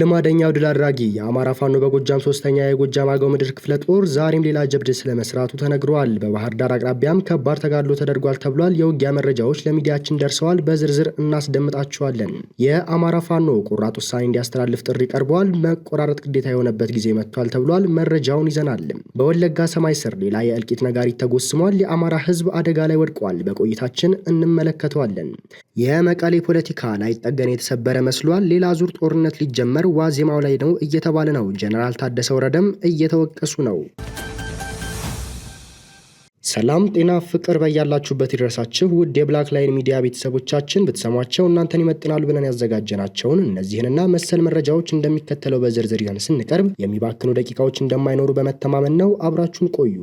ልማደኛው ድል አድራጊ የአማራ ፋኖ በጎጃም ሶስተኛ የጎጃም አገው ምድር ክፍለ ጦር ዛሬም ሌላ ጀብድ ስለመስራቱ ተነግረዋል። በባህር ዳር አቅራቢያም ከባድ ተጋድሎ ተደርጓል ተብሏል። የውጊያ መረጃዎች ለሚዲያችን ደርሰዋል። በዝርዝር እናስደምጣችኋለን። የአማራ ፋኖ ቆራጥ ውሳኔ እንዲያስተላልፍ ጥሪ ቀርበዋል። መቆራረጥ ግዴታ የሆነበት ጊዜ መጥቷል ተብሏል። መረጃውን ይዘናል። በወለጋ ሰማይ ስር ሌላ የእልቂት ነጋሪት ተጎስሟል። የአማራ ህዝብ አደጋ ላይ ወድቋል። በቆይታችን እንመለከተዋለን። የመቀሌ ፖለቲካ ጠገን የተሰበረ መስሏል። ሌላ ዙር ጦርነት ሊጀመር ዋዜማው ላይ ነው እየተባለ ነው። ጀነራል ታደሰ ወረደም እየተወቀሱ ነው። ሰላም ጤና ፍቅር በያላችሁበት ይድረሳችሁ። ውድ የብላክ ላይን ሚዲያ ቤተሰቦቻችን ብትሰሟቸው እናንተን ይመጥናሉ ብለን ያዘጋጀናቸውን እነዚህንና መሰል መረጃዎች እንደሚከተለው በዝርዝር ይዘን ስንቀርብ የሚባክኑ ደቂቃዎች እንደማይኖሩ በመተማመን ነው። አብራችሁን ቆዩ።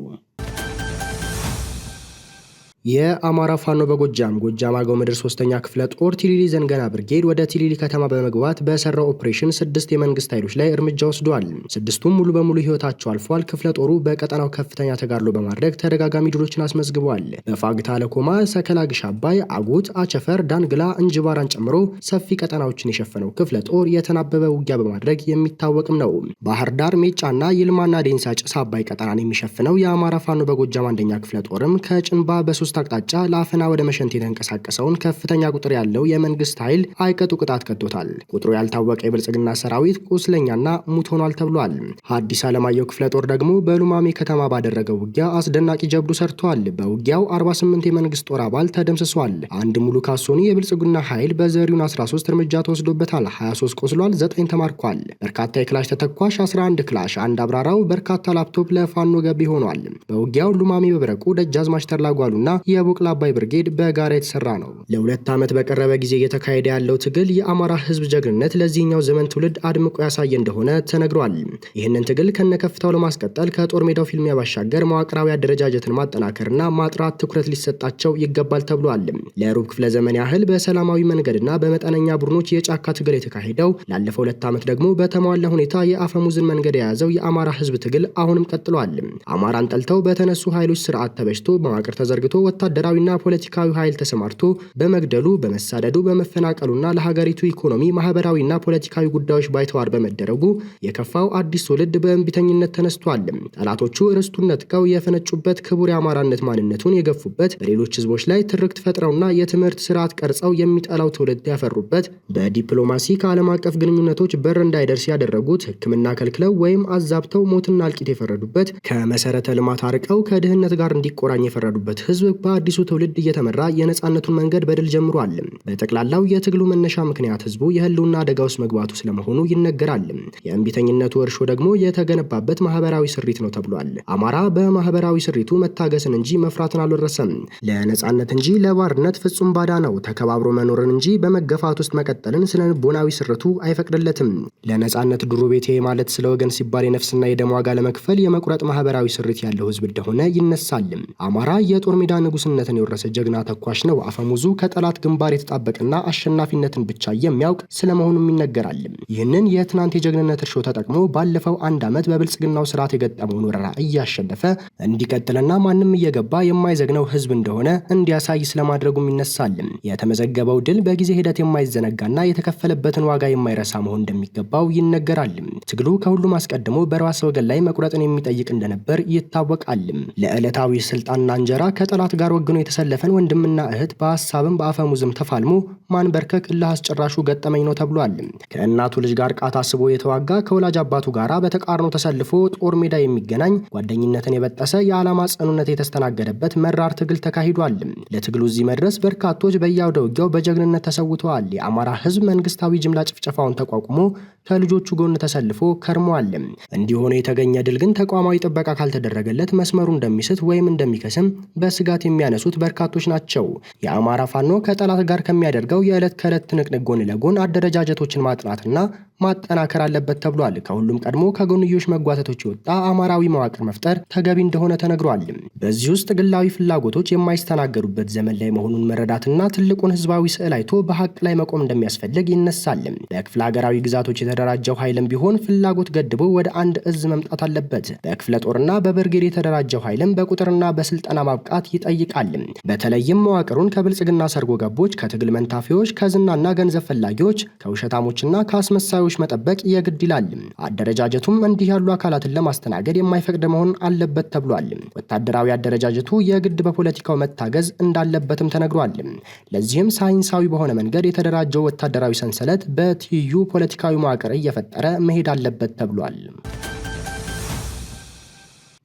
የአማራ ፋኖ በጎጃም ጎጃም አገው ምድር ሶስተኛ ክፍለ ጦር ቲሊሊ ዘንገና ብርጌድ ወደ ቲሊሊ ከተማ በመግባት በሰራው ኦፕሬሽን ስድስት የመንግስት ኃይሎች ላይ እርምጃ ወስደዋል። ስድስቱም ሙሉ በሙሉ ህይወታቸው አልፏል። ክፍለ ጦሩ በቀጠናው ከፍተኛ ተጋድሎ በማድረግ ተደጋጋሚ ድሎችን አስመዝግበዋል። በፋግታ ለኮማ፣ ሰከላ፣ ግሽ አባይ፣ አጉት፣ አቸፈር፣ ዳንግላ፣ እንጅባራን ጨምሮ ሰፊ ቀጠናዎችን የሸፈነው ክፍለ ጦር የተናበበ ውጊያ በማድረግ የሚታወቅም ነው። ባህር ዳር፣ ሜጫና ይልማና ዴንሳ ጭስ አባይ ቀጠናን የሚሸፍነው የአማራ ፋኖ በጎጃም አንደኛ ክፍለ ጦርም ከጭንባ በሶስት አቅጣጫ ለአፈና ወደ መሸንት የተንቀሳቀሰውን ከፍተኛ ቁጥር ያለው የመንግስት ኃይል አይቀጡ ቅጣት ቀጥቶታል። ቁጥሩ ያልታወቀ የብልጽግና ሰራዊት ቁስለኛና ሙት ሆኗል ተብሏል። ሐዲስ ዓለማየሁ ክፍለ ጦር ደግሞ በሉማሜ ከተማ ባደረገው ውጊያ አስደናቂ ጀብዱ ሰርቷል። በውጊያው 48 የመንግስት ጦር አባል ተደምስሷል። አንድ ሙሉ ካሶኒ የብልጽግና ኃይል በዘሪውን 13 እርምጃ ተወስዶበታል። 23 ቆስሏል፣ 9 ተማርኳል። በርካታ የክላሽ ተተኳሽ 11 ክላሽ፣ አንድ አብራራው፣ በርካታ ላፕቶፕ ለፋኖ ገቢ ሆኗል። በውጊያው ሉማሜ በብረቁ ደጃዝማች ተላጓሉና የቦቅላ አባይ ብርጌድ በጋራ የተሰራ ነው። ለሁለት ዓመት በቀረበ ጊዜ እየተካሄደ ያለው ትግል የአማራ ህዝብ ጀግንነት ለዚህኛው ዘመን ትውልድ አድምቆ ያሳየ እንደሆነ ተነግሯል። ይህንን ትግል ከነከፍታው ለማስቀጠል ከጦር ሜዳው ፊልሚያ ባሻገር መዋቅራዊ አደረጃጀትን ማጠናከርና ማጥራት ትኩረት ሊሰጣቸው ይገባል ተብሏል። ለሩብ ክፍለ ዘመን ያህል በሰላማዊ መንገድና በመጠነኛ ቡድኖች የጫካ ትግል የተካሄደው ላለፈው ሁለት ዓመት ደግሞ በተሟላ ሁኔታ የአፈሙዝን መንገድ የያዘው የአማራ ህዝብ ትግል አሁንም ቀጥሏል። አማራን ጠልተው በተነሱ ኃይሎች ስርዓት ተበጅቶ መዋቅር ተዘርግቶ ወታደራዊና ፖለቲካዊ ኃይል ተሰማርቶ በመግደሉ፣ በመሳደዱ፣ በመፈናቀሉና ለሀገሪቱ ኢኮኖሚ ማህበራዊና ፖለቲካዊ ጉዳዮች ባይተዋር በመደረጉ የከፋው አዲስ ትውልድ በእንቢተኝነት ተነስቷል። ጠላቶቹ ርስቱን ነጥቀው የፈነጩበት ክቡር የአማራነት ማንነቱን የገፉበት በሌሎች ህዝቦች ላይ ትርክት ፈጥረውና የትምህርት ስርዓት ቀርጸው የሚጠላው ትውልድ ያፈሩበት በዲፕሎማሲ ከዓለም አቀፍ ግንኙነቶች በር እንዳይደርስ ያደረጉት ሕክምና ከልክለው ወይም አዛብተው ሞትና እልቂት የፈረዱበት ከመሰረተ ልማት አርቀው ከድህነት ጋር እንዲቆራኝ የፈረዱበት ህዝብ በአዲሱ ትውልድ እየተመራ የነፃነቱን መንገድ በድል ጀምሯል። በጠቅላላው የትግሉ መነሻ ምክንያት ህዝቡ የህልውና አደጋ ውስጥ መግባቱ ስለመሆኑ ይነገራል። የእንቢተኝነቱ እርሾ ደግሞ የተገነባበት ማህበራዊ ስሪት ነው ተብሏል። አማራ በማህበራዊ ስሪቱ መታገስን እንጂ መፍራትን አልወረሰም። ለነፃነት እንጂ ለባርነት ፍጹም ባዳ ነው። ተከባብሮ መኖርን እንጂ በመገፋት ውስጥ መቀጠልን ስነ ልቦናዊ ስርቱ አይፈቅድለትም። ለነፃነት ድሮ ቤቴ ማለት ስለ ወገን ሲባል የነፍስና የደም ዋጋ ለመክፈል የመቁረጥ ማህበራዊ ስሪት ያለው ህዝብ እንደሆነ ይነሳል። አማራ የጦር ሜዳ ንጉስነትን የወረሰ ጀግና ተኳሽ ነው። አፈሙዙ ከጠላት ግንባር የተጣበቀና አሸናፊነትን ብቻ የሚያውቅ ስለመሆኑም ይነገራል። ይህንን የትናንት የጀግንነት እርሾ ተጠቅሞ ባለፈው አንድ ዓመት በብልጽግናው ስርዓት የገጠመውን ወረራ እያሸነፈ እንዲቀጥልና ማንም እየገባ የማይዘግነው ህዝብ እንደሆነ እንዲያሳይ ስለማድረጉም ይነሳል። የተመዘገበው ድል በጊዜ ሂደት የማይዘነጋና የተከፈለበትን ዋጋ የማይረሳ መሆን እንደሚገባው ይነገራል። ትግሉ ከሁሉም አስቀድሞ በራስ ወገን ላይ መቁረጥን የሚጠይቅ እንደነበር ይታወቃል። ለዕለታዊ ስልጣንና እንጀራ ከጠላት ጋር ወግኖ የተሰለፈን ወንድምና እህት በሀሳብም በአፈሙዝም ተፋልሞ ማንበርከክ እልህ አስጨራሹ ገጠመኝ ነው ተብሏል። ከእናቱ ልጅ ጋር ቃት አስቦ የተዋጋ ከወላጅ አባቱ ጋር በተቃርኖ ተሰልፎ ጦር ሜዳ የሚገናኝ ጓደኝነትን የበጠሰ የዓላማ ጽኑነት የተስተናገደበት መራር ትግል ተካሂዷል። ለትግሉ እዚህ መድረስ በርካቶች በየአውደ ውጊያው በጀግንነት ተሰውተዋል። የአማራ ሕዝብ መንግስታዊ ጅምላ ጭፍጨፋውን ተቋቁሞ ከልጆቹ ጎን ተሰልፎ ከርሟል። እንዲሆነ የተገኘ ድል ግን ተቋማዊ ጥበቃ ካልተደረገለት መስመሩ እንደሚስት ወይም እንደሚከስም በስጋት የሚያነሱት በርካቶች ናቸው። የአማራ ፋኖ ከጠላት ጋር ከሚያደርገው የዕለት ከዕለት ትንቅንቅ ጎን ለጎን አደረጃጀቶችን ማጥናትና ማጠናከር አለበት ተብሏል። ከሁሉም ቀድሞ ከጎንዮሽ መጓተቶች የወጣ አማራዊ መዋቅር መፍጠር ተገቢ እንደሆነ ተነግሯል። በዚህ ውስጥ ግላዊ ፍላጎቶች የማይስተናገዱበት ዘመን ላይ መሆኑን መረዳትና ትልቁን ህዝባዊ ስዕል አይቶ በሀቅ ላይ መቆም እንደሚያስፈልግ ይነሳል። በክፍለ ሀገራዊ ግዛቶች የተደራጀው ኃይልም ቢሆን ፍላጎት ገድቦ ወደ አንድ እዝ መምጣት አለበት። በክፍለ ጦርና በብርጌድ የተደራጀው ኃይልም በቁጥርና በስልጠና ማብቃት ይጠይቃል። በተለይም መዋቅሩን ከብልጽግና ሰርጎ ገቦች፣ ከትግል መንታፊዎች፣ ከዝናና ገንዘብ ፈላጊዎች፣ ከውሸታሞችና ከአስመሳዮች ገበሬዎች መጠበቅ የግድ ይላል። አደረጃጀቱም እንዲህ ያሉ አካላትን ለማስተናገድ የማይፈቅድ መሆን አለበት ተብሏል። ወታደራዊ አደረጃጀቱ የግድ በፖለቲካው መታገዝ እንዳለበትም ተነግሯል። ለዚህም ሳይንሳዊ በሆነ መንገድ የተደራጀው ወታደራዊ ሰንሰለት በትይዩ ፖለቲካዊ መዋቅር እየፈጠረ መሄድ አለበት ተብሏል።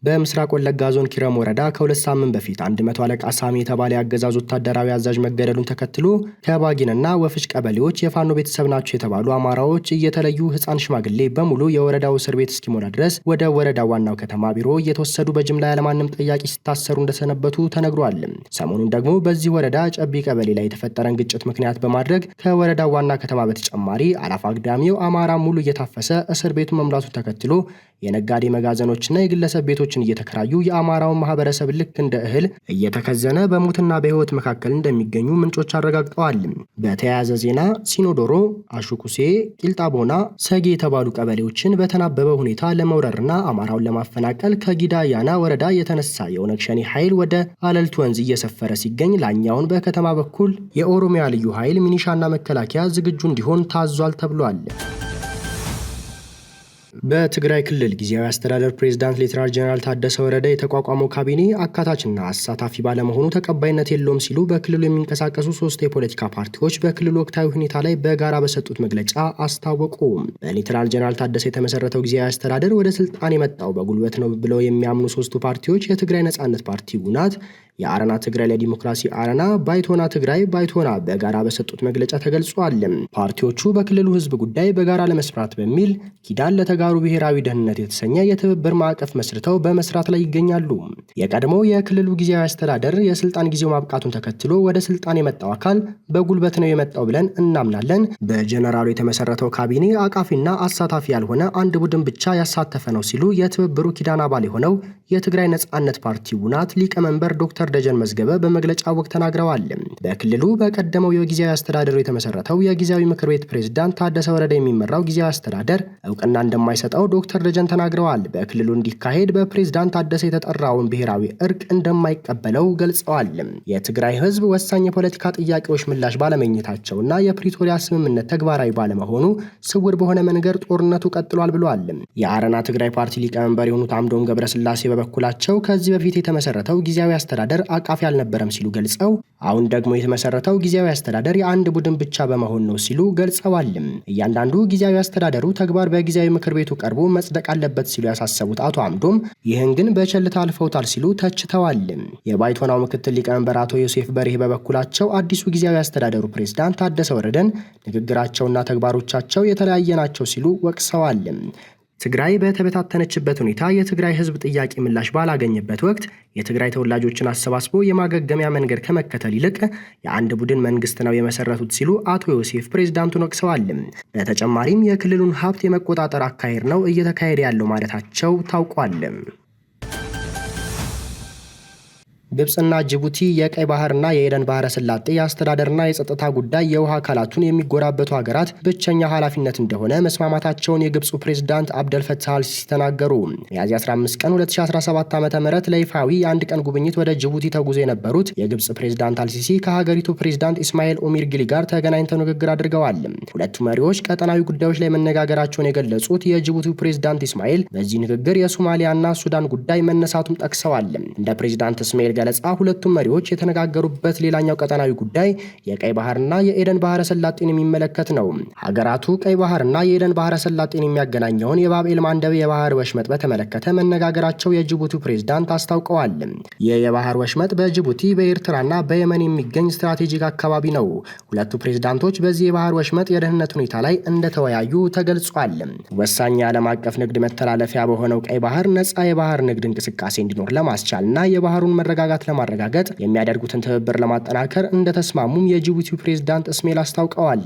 በምስራቅ ወለጋ ዞን ኪረም ወረዳ ከሁለት ሳምንት በፊት አንድ መቶ አለቃ ሳሚ የተባለ የአገዛዝ ወታደራዊ አዛዥ መገደሉን ተከትሎ ከባጊንና ወፍጭ ቀበሌዎች የፋኖ ቤተሰብ ናቸው የተባሉ አማራዎች እየተለዩ ህፃን ሽማግሌ በሙሉ የወረዳው እስር ቤት እስኪሞላ ድረስ ወደ ወረዳው ዋናው ከተማ ቢሮ እየተወሰዱ በጅምላ ያለማንም ጠያቂ ሲታሰሩ እንደሰነበቱ ተነግሯል። ሰሞኑን ደግሞ በዚህ ወረዳ ጨቢ ቀበሌ ላይ የተፈጠረን ግጭት ምክንያት በማድረግ ከወረዳው ዋና ከተማ በተጨማሪ አላፋ አግዳሚው አማራ ሙሉ እየታፈሰ እስር ቤቱ መምላቱ ተከትሎ የነጋዴ መጋዘኖችና የግለሰብ ቤቶችን እየተከራዩ የአማራውን ማህበረሰብ ልክ እንደ እህል እየተከዘነ በሞትና በህይወት መካከል እንደሚገኙ ምንጮች አረጋግጠዋል። በተያያዘ ዜና ሲኖዶሮ፣ አሹኩሴ፣ ቂልጣቦና ሰጌ የተባሉ ቀበሌዎችን በተናበበ ሁኔታ ለመውረርና አማራውን ለማፈናቀል ከጊዳ ያና ወረዳ የተነሳ የኦነግ ሸኔ ኃይል ወደ አለልት ወንዝ እየሰፈረ ሲገኝ ላኛውን በከተማ በኩል የኦሮሚያ ልዩ ኃይል ሚኒሻና መከላከያ ዝግጁ እንዲሆን ታዟል ተብሏል። በትግራይ ክልል ጊዜያዊ አስተዳደር ፕሬዝዳንት ሌተናል ጀነራል ታደሰ ወረደ የተቋቋመው ካቢኔ አካታችና አሳታፊ ባለመሆኑ ተቀባይነት የለውም ሲሉ በክልሉ የሚንቀሳቀሱ ሶስት የፖለቲካ ፓርቲዎች በክልሉ ወቅታዊ ሁኔታ ላይ በጋራ በሰጡት መግለጫ አስታወቁ። በሌተናል ጀነራል ታደሰ የተመሰረተው ጊዜያዊ አስተዳደር ወደ ስልጣን የመጣው በጉልበት ነው ብለው የሚያምኑ ሶስቱ ፓርቲዎች የትግራይ ነጻነት ፓርቲ ውናት፣ የአረና ትግራይ ለዲሞክራሲ አረና፣ ባይቶና ትግራይ፣ ባይቶና በጋራ በሰጡት መግለጫ ተገልጿል። ፓርቲዎቹ በክልሉ ህዝብ ጉዳይ በጋራ ለመስራት በሚል ኪዳን ለተጋሩ ብሔራዊ ደህንነት የተሰኘ የትብብር ማዕቀፍ መስርተው በመስራት ላይ ይገኛሉ። የቀድሞ የክልሉ ጊዜያዊ አስተዳደር የስልጣን ጊዜው ማብቃቱን ተከትሎ ወደ ስልጣን የመጣው አካል በጉልበት ነው የመጣው ብለን እናምናለን። በጀነራሉ የተመሰረተው ካቢኔ አቃፊና አሳታፊ ያልሆነ አንድ ቡድን ብቻ ያሳተፈ ነው ሲሉ የትብብሩ ኪዳን አባል የሆነው የትግራይ ነጻነት ፓርቲ ውናት ሊቀመንበር ዶክተር ደጀን መዝገበ በመግለጫ ወቅት ተናግረዋል። በክልሉ በቀደመው የጊዜያዊ አስተዳደሩ የተመሰረተው የጊዜያዊ ምክር ቤት ፕሬዝዳንት ታደሰ ወረደ የሚመራው ጊዜያዊ አስተዳደር እውቅና እንደማይሰጠው ዶክተር ደጀን ተናግረዋል። በክልሉ እንዲካሄድ በፕሬዝዳንት ታደሰ የተጠራውን ብሔራዊ እርቅ እንደማይቀበለው ገልጸዋል። የትግራይ ህዝብ ወሳኝ የፖለቲካ ጥያቄዎች ምላሽ ባለመኝታቸውና የፕሪቶሪያ ስምምነት ተግባራዊ ባለመሆኑ ስውር በሆነ መንገድ ጦርነቱ ቀጥሏል ብሏል። የአረና ትግራይ ፓርቲ ሊቀመንበር የሆኑት አምዶም ገብረስላሴ በበኩላቸው ከዚህ በፊት የተመሰረተው ጊዜያዊ አስተዳደር አቃፊ አልነበረም ሲሉ ገልጸው አሁን ደግሞ የተመሰረተው ጊዜያዊ አስተዳደር የአንድ ቡድን ብቻ በመሆን ነው ሲሉ ገልጸዋልም። እያንዳንዱ ጊዜያዊ አስተዳደሩ ተግባር በጊዜያዊ ምክር ቤቱ ቀርቦ መጽደቅ አለበት ሲሉ ያሳሰቡት አቶ አምዶም ይህን ግን በቸልታ አልፈውታል ሲሉ ተችተዋልም። የባይቶናው ምክትል ሊቀመንበር አቶ ዮሴፍ በርሄ በበኩላቸው አዲሱ ጊዜያዊ አስተዳደሩ ፕሬዝዳንት ታደሰ ወረደን ንግግራቸውና ተግባሮቻቸው የተለያየ ናቸው ሲሉ ወቅሰዋል። ትግራይ በተበታተነችበት ሁኔታ የትግራይ ህዝብ ጥያቄ ምላሽ ባላገኘበት ወቅት የትግራይ ተወላጆችን አሰባስቦ የማገገሚያ መንገድ ከመከተል ይልቅ የአንድ ቡድን መንግስት ነው የመሰረቱት ሲሉ አቶ ዮሴፍ ፕሬዝዳንቱን ወቅሰዋል። በተጨማሪም የክልሉን ሀብት የመቆጣጠር አካሄድ ነው እየተካሄደ ያለው ማለታቸው ታውቋል። ግብፅና ጅቡቲ የቀይ ባህርና የኤደን ባህረ ስላጤ የአስተዳደርና የጸጥታ ጉዳይ የውሃ አካላቱን የሚጎራበቱ ሀገራት ብቸኛ ኃላፊነት እንደሆነ መስማማታቸውን የግብፁ ፕሬዝዳንት አብደልፈታህ አልሲሲ ተናገሩ። ሚያዝያ 15 ቀን 2017 ዓ ም ለይፋዊ የአንድ ቀን ጉብኝት ወደ ጅቡቲ ተጉዞ የነበሩት የግብፅ ፕሬዝዳንት አልሲሲ ከሀገሪቱ ፕሬዝዳንት ኢስማኤል ኦሚር ጊሊ ጋር ተገናኝተው ንግግር አድርገዋል። ሁለቱ መሪዎች ቀጠናዊ ጉዳዮች ላይ መነጋገራቸውን የገለጹት የጅቡቲው ፕሬዝዳንት ኢስማኤል በዚህ ንግግር የሶማሊያና ሱዳን ጉዳይ መነሳቱም ጠቅሰዋል። እንደ ፕሬዚዳንት እስማኤል ገለጻ ሁለቱም መሪዎች የተነጋገሩበት ሌላኛው ቀጠናዊ ጉዳይ የቀይ ባህርና የኤደን ባህረ ሰላጤን የሚመለከት ነው። ሀገራቱ ቀይ ባህርና የኤደን ባህረ ሰላጤን የሚያገናኘውን የባብኤል ማንደብ የባህር ወሽመጥ በተመለከተ መነጋገራቸው የጅቡቲ ፕሬዝዳንት አስታውቀዋል። ይህ የባህር ወሽመጥ በጅቡቲ በኤርትራና በየመን የሚገኝ ስትራቴጂክ አካባቢ ነው። ሁለቱ ፕሬዝዳንቶች በዚህ የባህር ወሽመጥ የደህንነት ሁኔታ ላይ እንደተወያዩ ተገልጿል። ወሳኝ የዓለም አቀፍ ንግድ መተላለፊያ በሆነው ቀይ ባህር ነጻ የባህር ንግድ እንቅስቃሴ እንዲኖር ለማስቻል እና የባህሩን መረጋጋት መረጋጋት ለማረጋገጥ የሚያደርጉትን ትብብር ለማጠናከር እንደተስማሙም የጅቡቲው ፕሬዝዳንት እስሜል አስታውቀዋል።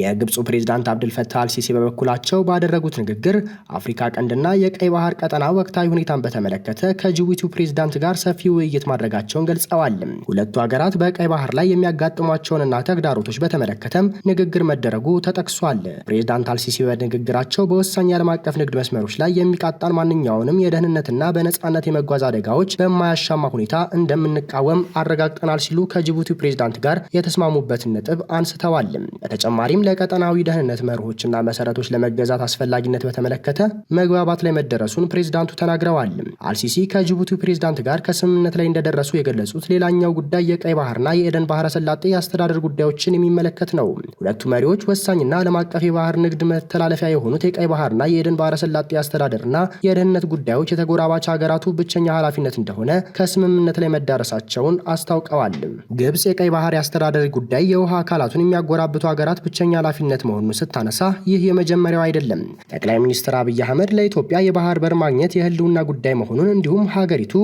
የግብፁ ፕሬዝዳንት አብድልፈታህ አልሲሲ በበኩላቸው ባደረጉት ንግግር አፍሪካ ቀንድና የቀይ ባህር ቀጠና ወቅታዊ ሁኔታን በተመለከተ ከጅቡቲው ፕሬዝዳንት ጋር ሰፊ ውይይት ማድረጋቸውን ገልጸዋል። ሁለቱ ሀገራት በቀይ ባህር ላይ የሚያጋጥሟቸውንና ተግዳሮቶች በተመለከተም ንግግር መደረጉ ተጠቅሷል። ፕሬዝዳንት አልሲሲ በንግግራቸው በወሳኝ የዓለም አቀፍ ንግድ መስመሮች ላይ የሚቃጣን ማንኛውንም የደህንነትና በነጻነት የመጓዝ አደጋዎች በማያሻማ ሁኔታ እንደምንቃወም አረጋግጠናል ሲሉ ከጅቡቲው ፕሬዝዳንት ጋር የተስማሙበትን ነጥብ አንስተዋል። በተጨማሪም ለቀጠናዊ ደህንነት መርሆችና መሰረቶች ለመገዛት አስፈላጊነት በተመለከተ መግባባት ላይ መደረሱን ፕሬዝዳንቱ ተናግረዋል። አልሲሲ ከጅቡቲው ፕሬዝዳንት ጋር ከስምምነት ላይ እንደደረሱ የገለጹት ሌላኛው ጉዳይ የቀይ ባህርና የኤደን ባህረ ሰላጤ የአስተዳደር ጉዳዮችን የሚመለከት ነው። ሁለቱ መሪዎች ወሳኝና ዓለም አቀፍ የባህር ንግድ መተላለፊያ የሆኑት የቀይ ባህርና የኤደን ባህረ ሰላጤ አስተዳደርና የደህንነት ጉዳዮች የተጎራባች ሀገራቱ ብቸኛ ኃላፊነት እንደሆነ ከስምምነት ላይ ላይ መዳረሳቸውን አስታውቀዋል። ግብጽ የቀይ ባህር የአስተዳደር ጉዳይ የውሃ አካላቱን የሚያጎራብቱ ሀገራት ብቸኛ ኃላፊነት መሆኑን ስታነሳ ይህ የመጀመሪያው አይደለም። ጠቅላይ ሚኒስትር አብይ አህመድ ለኢትዮጵያ የባህር በር ማግኘት የህልውና ጉዳይ መሆኑን እንዲሁም ሀገሪቱ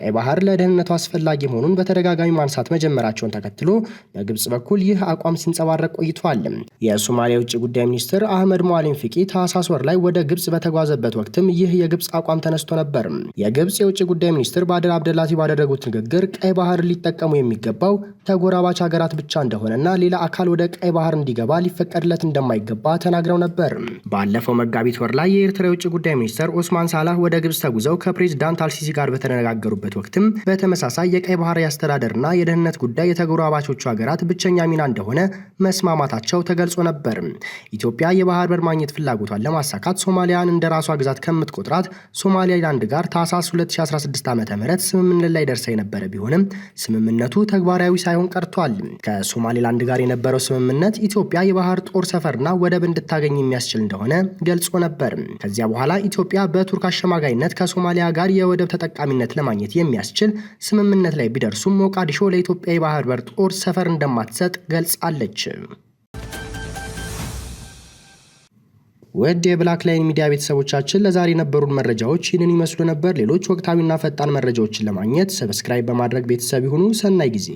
ቀይ ባህር ለደህንነቱ አስፈላጊ መሆኑን በተደጋጋሚ ማንሳት መጀመራቸውን ተከትሎ በግብጽ በኩል ይህ አቋም ሲንጸባረቅ ቆይቷል። የሶማሊያ የውጭ ጉዳይ ሚኒስትር አህመድ ሞአሊም ፊቂ ታህሳስ ወር ላይ ወደ ግብጽ በተጓዘበት ወቅትም ይህ የግብጽ አቋም ተነስቶ ነበር። የግብጽ የውጭ ጉዳይ ሚኒስትር ባድር አብደላቲ ባደረጉት ንግግር ቀይ ባህር ሊጠቀሙ የሚገባው ተጎራባች ሀገራት ብቻ እንደሆነና ሌላ አካል ወደ ቀይ ባህር እንዲገባ ሊፈቀድለት እንደማይገባ ተናግረው ነበር። ባለፈው መጋቢት ወር ላይ የኤርትራ የውጭ ጉዳይ ሚኒስትር ኦስማን ሳላህ ወደ ግብጽ ተጉዘው ከፕሬዚዳንት አልሲሲ ጋር በተነጋገሩበት ወቅትም በተመሳሳይ የቀይ ባህር የአስተዳደርና የደህንነት ጉዳይ የተጎራባቾቹ ሀገራት ብቸኛ ሚና እንደሆነ መስማማታቸው ተገልጾ ነበር። ኢትዮጵያ የባህር በር ማግኘት ፍላጎቷን ለማሳካት ሶማሊያን እንደ ራሷ ግዛት ከምትቆጥራት ሶማሌላንድ ጋር ታህሳስ 2016 ዓ ም ስምምነት ላይ ደርሳ የነበረ ቢሆንም ስምምነቱ ተግባራዊ ሳይሆን ቀርቷል። ከሶማሌላንድ ጋር የነበረው ስምምነት ኢትዮጵያ የባህር ጦር ሰፈርና ወደብ እንድታገኝ የሚያስችል እንደሆነ ገልጾ ነበር። ከዚያ በኋላ ኢትዮጵያ በቱርክ አሸማጋይነት ከሶማሊያ ጋር የወደብ ተጠቃሚነት ለማግኘት የሚያስችል ስምምነት ላይ ቢደርሱም ሞቃዲሾ ለኢትዮጵያ የባህር በር ጦር ሰፈር እንደማትሰጥ ገልጻለች። ውድ የብላክ ላይን ሚዲያ ቤተሰቦቻችን ለዛሬ የነበሩን መረጃዎች ይህንን ይመስሉ ነበር። ሌሎች ወቅታዊና ፈጣን መረጃዎችን ለማግኘት ሰብስክራይብ በማድረግ ቤተሰብ ይሁኑ። ሰናይ ጊዜ